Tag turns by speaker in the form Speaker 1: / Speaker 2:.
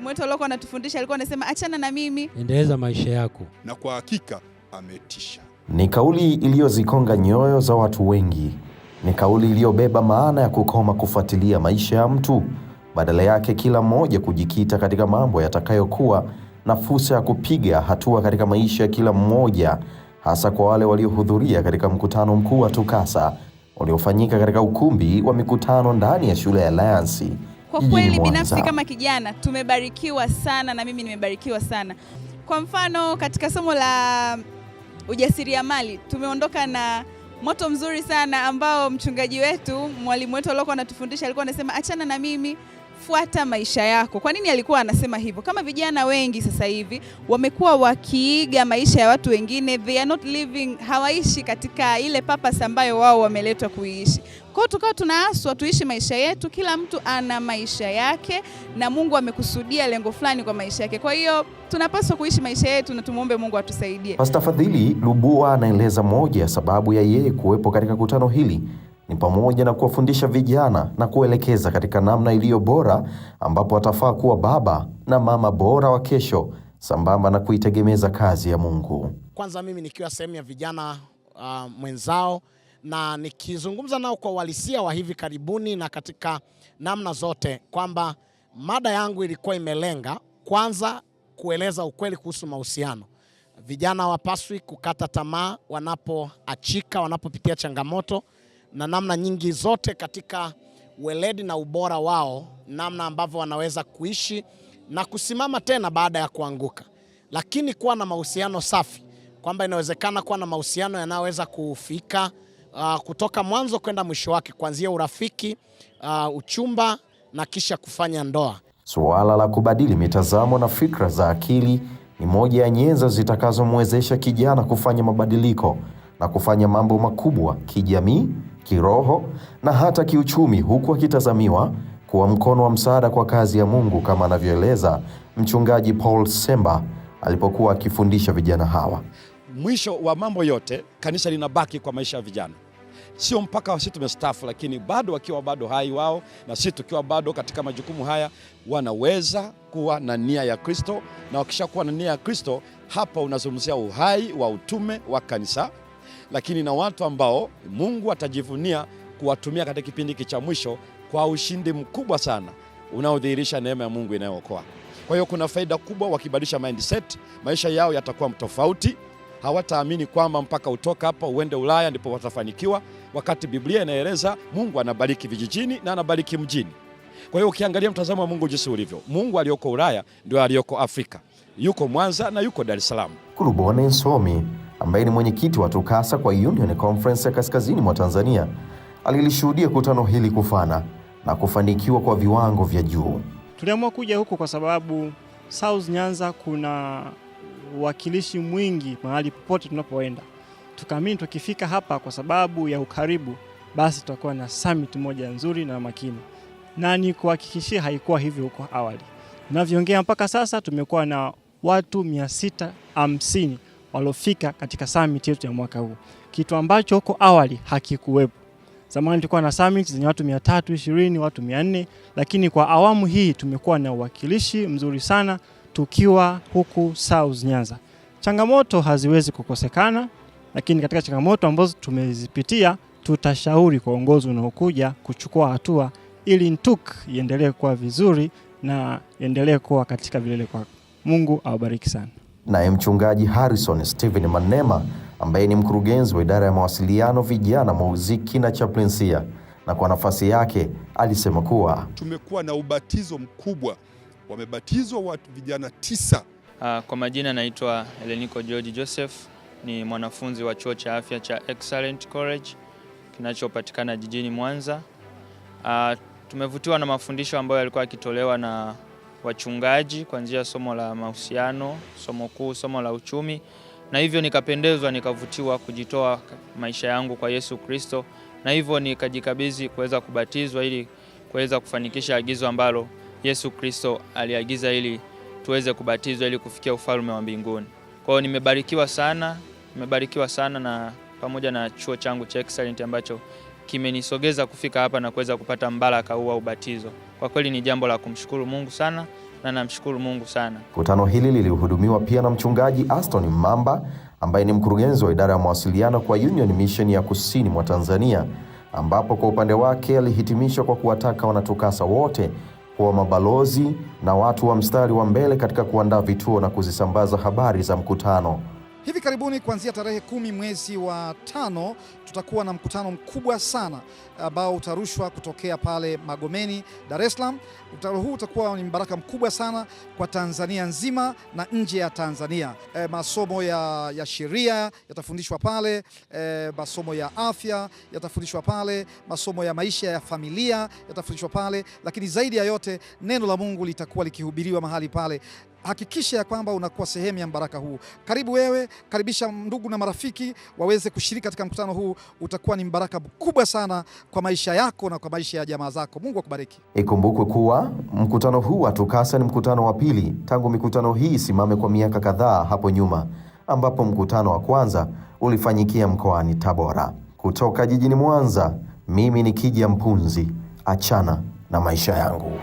Speaker 1: mwalimu wetu aliokuwa anatufundisha alikuwa anasema achana na mimi,
Speaker 2: endeleza maisha yako,
Speaker 3: na kwa hakika ametisha.
Speaker 2: Ni kauli iliyozikonga nyoyo za watu wengi, ni kauli iliyobeba maana ya kukoma kufuatilia maisha ya mtu, badala yake kila mmoja kujikita katika mambo yatakayokuwa na fursa ya kupiga hatua katika maisha ya kila mmoja, hasa kwa wale waliohudhuria katika mkutano mkuu wa TUCASA uliofanyika katika ukumbi wa mikutano ndani ya shule ya Alliance.
Speaker 1: Kwa kweli binafsi kama kijana tumebarikiwa sana na mimi nimebarikiwa sana. Kwa mfano katika somo la ujasiriamali tumeondoka na moto mzuri sana ambao mchungaji wetu, mwalimu wetu aliokuwa anatufundisha alikuwa anasema achana na mimi fuata maisha yako. Kwa nini alikuwa anasema hivyo? Kama vijana wengi sasa hivi wamekuwa wakiiga maisha ya watu wengine, they are not living, hawaishi katika ile purpose ambayo wao wameletwa kuishi Kwa hiyo tukawa tunaaswa tuishi maisha yetu, kila mtu ana maisha yake na Mungu amekusudia lengo fulani kwa maisha yake. Kwa hiyo tunapaswa kuishi maisha yetu na tumuombe Mungu atusaidie.
Speaker 2: Pastor Fadhili Lubua anaeleza moja ya sababu ya yeye kuwepo katika kutano hili ni pamoja na kuwafundisha vijana na kuelekeza katika namna iliyo bora, ambapo watafaa kuwa baba na mama bora wa kesho, sambamba na kuitegemeza kazi ya Mungu.
Speaker 4: Kwanza mimi nikiwa sehemu ya vijana uh, mwenzao na nikizungumza nao kwa uhalisia wa hivi karibuni na katika namna zote, kwamba mada yangu ilikuwa imelenga kwanza kueleza ukweli kuhusu mahusiano. Vijana hawapaswi kukata tamaa wanapoachika, wanapopitia changamoto na namna nyingi zote katika weledi na ubora wao, namna ambavyo wanaweza kuishi na kusimama tena baada ya kuanguka, lakini kuwa na mahusiano safi, kwamba inawezekana kuwa na mahusiano yanayoweza kufika uh, kutoka mwanzo kwenda mwisho wake, kuanzia urafiki uh, uchumba na kisha kufanya ndoa.
Speaker 2: Suala la kubadili mitazamo na fikra za akili ni moja ya nyenzo zitakazomwezesha kijana kufanya mabadiliko na kufanya mambo makubwa kijamii kiroho na hata kiuchumi, huku akitazamiwa kuwa mkono wa msaada kwa kazi ya Mungu kama anavyoeleza Mchungaji Paul Semba alipokuwa akifundisha vijana hawa.
Speaker 4: Mwisho wa mambo yote, kanisa linabaki kwa maisha ya vijana, sio mpaka sisi tumestaafu, lakini bado wakiwa bado hai wao na sisi tukiwa bado katika majukumu haya, wanaweza kuwa na nia ya Kristo, na wakishakuwa na nia ya Kristo, hapa unazungumzia uhai wa utume wa kanisa lakini na watu ambao Mungu atajivunia kuwatumia katika kipindi cha mwisho kwa ushindi mkubwa sana unaodhihirisha neema ya Mungu inayookoa. Kwa hiyo kuna faida kubwa, wakibadilisha mindset, maisha yao yatakuwa tofauti. Hawataamini kwamba mpaka utoka hapa uende Ulaya ndipo watafanikiwa, wakati Biblia inaeleza Mungu anabariki vijijini na anabariki mjini. Kwa hiyo ukiangalia mtazamo wa Mungu jinsi ulivyo, Mungu aliyoko Ulaya ndio aliyoko Afrika, yuko Mwanza na yuko Dar es Salaam.
Speaker 2: Kulubone Nsomi ambaye ni mwenyekiti wa TUCASA kwa Union Conference ya Kaskazini mwa Tanzania alilishuhudia kutano hili kufana na kufanikiwa kwa viwango vya juu.
Speaker 5: Tuliamua kuja huku kwa sababu South Nyanza kuna uwakilishi mwingi mahali popote tunapoenda. Tukaamini tukifika hapa kwa sababu ya ukaribu, basi tutakuwa na summit moja nzuri na makini, na ni kuhakikishia haikuwa hivyo huko awali. Tunavyoongea mpaka sasa tumekuwa na watu 650 waliofika katika summit yetu ya mwaka huu, kitu ambacho huko awali hakikuwepo. Zamani tulikuwa na summit zenye watu 320, watu 400, lakini kwa awamu hii tumekuwa na uwakilishi mzuri sana tukiwa huku South Nyanza. Changamoto haziwezi kukosekana, lakini katika changamoto ambazo tumezipitia tutashauri kwa uongozi unaokuja kuchukua hatua ili Ntuk iendelee kuwa vizuri na iendelee kuwa katika vilele kwa. Mungu awabariki sana.
Speaker 2: Naye mchungaji Harrison Stephen Manema ambaye ni mkurugenzi wa idara ya mawasiliano, vijana, muziki na chaplinsia, na kwa nafasi yake alisema kuwa
Speaker 6: tumekuwa na ubatizo mkubwa, wamebatizwa watu vijana tisa.
Speaker 7: Ah, kwa majina naitwa Eleniko George Joseph, ni mwanafunzi wa chuo cha afya cha Excellent College kinachopatikana jijini Mwanza. Ah, tumevutiwa na mafundisho ambayo yalikuwa yakitolewa na wachungaji kuanzia somo la mahusiano, somo kuu, somo la uchumi, na hivyo nikapendezwa, nikavutiwa kujitoa maisha yangu kwa Yesu Kristo, na hivyo nikajikabidhi kuweza kubatizwa ili kuweza kufanikisha agizo ambalo Yesu Kristo aliagiza ili tuweze kubatizwa ili kufikia ufalme wa mbinguni. Kwa hiyo nimebarikiwa sana, nimebarikiwa sana na pamoja na chuo changu cha Excellent ambacho kimenisogeza kufika hapa na kuweza kupata mbaraka huu wa ubatizo. Kwa kweli ni jambo la kumshukuru Mungu sana na namshukuru Mungu sana.
Speaker 2: Kutano hili lilihudumiwa pia na Mchungaji Aston Mamba ambaye ni mkurugenzi wa idara ya mawasiliano kwa Union Mission ya Kusini mwa Tanzania, ambapo kwa upande wake alihitimisha kwa kuwataka wanatukasa wote kuwa mabalozi na watu wa mstari wa mbele katika kuandaa vituo na kuzisambaza habari za mkutano.
Speaker 4: Hivi karibuni kuanzia tarehe kumi mwezi wa tano tutakuwa na mkutano mkubwa sana ambao utarushwa kutokea pale Magomeni, Dar es Salaam. Mkutano huu utakuwa ni mbaraka mkubwa sana kwa Tanzania nzima na nje ya Tanzania. E, masomo ya, ya sheria yatafundishwa pale. E, masomo ya afya yatafundishwa pale. Masomo ya maisha ya familia yatafundishwa pale, lakini zaidi ya yote neno la Mungu litakuwa likihubiriwa mahali pale hakikisha ya kwamba unakuwa sehemu ya mbaraka huu. Karibu wewe, karibisha ndugu na marafiki waweze kushiriki katika mkutano huu. Utakuwa ni mbaraka kubwa sana kwa maisha yako na kwa maisha ya jamaa zako. Mungu akubariki.
Speaker 2: Ikumbukwe kuwa mkutano huu wa TUCASA ni mkutano wa pili tangu mikutano hii isimame kwa miaka kadhaa hapo nyuma, ambapo mkutano wa kwanza ulifanyikia mkoani Tabora. Kutoka jijini Mwanza, mimi ni Kija Mpunzi. Achana na maisha yangu.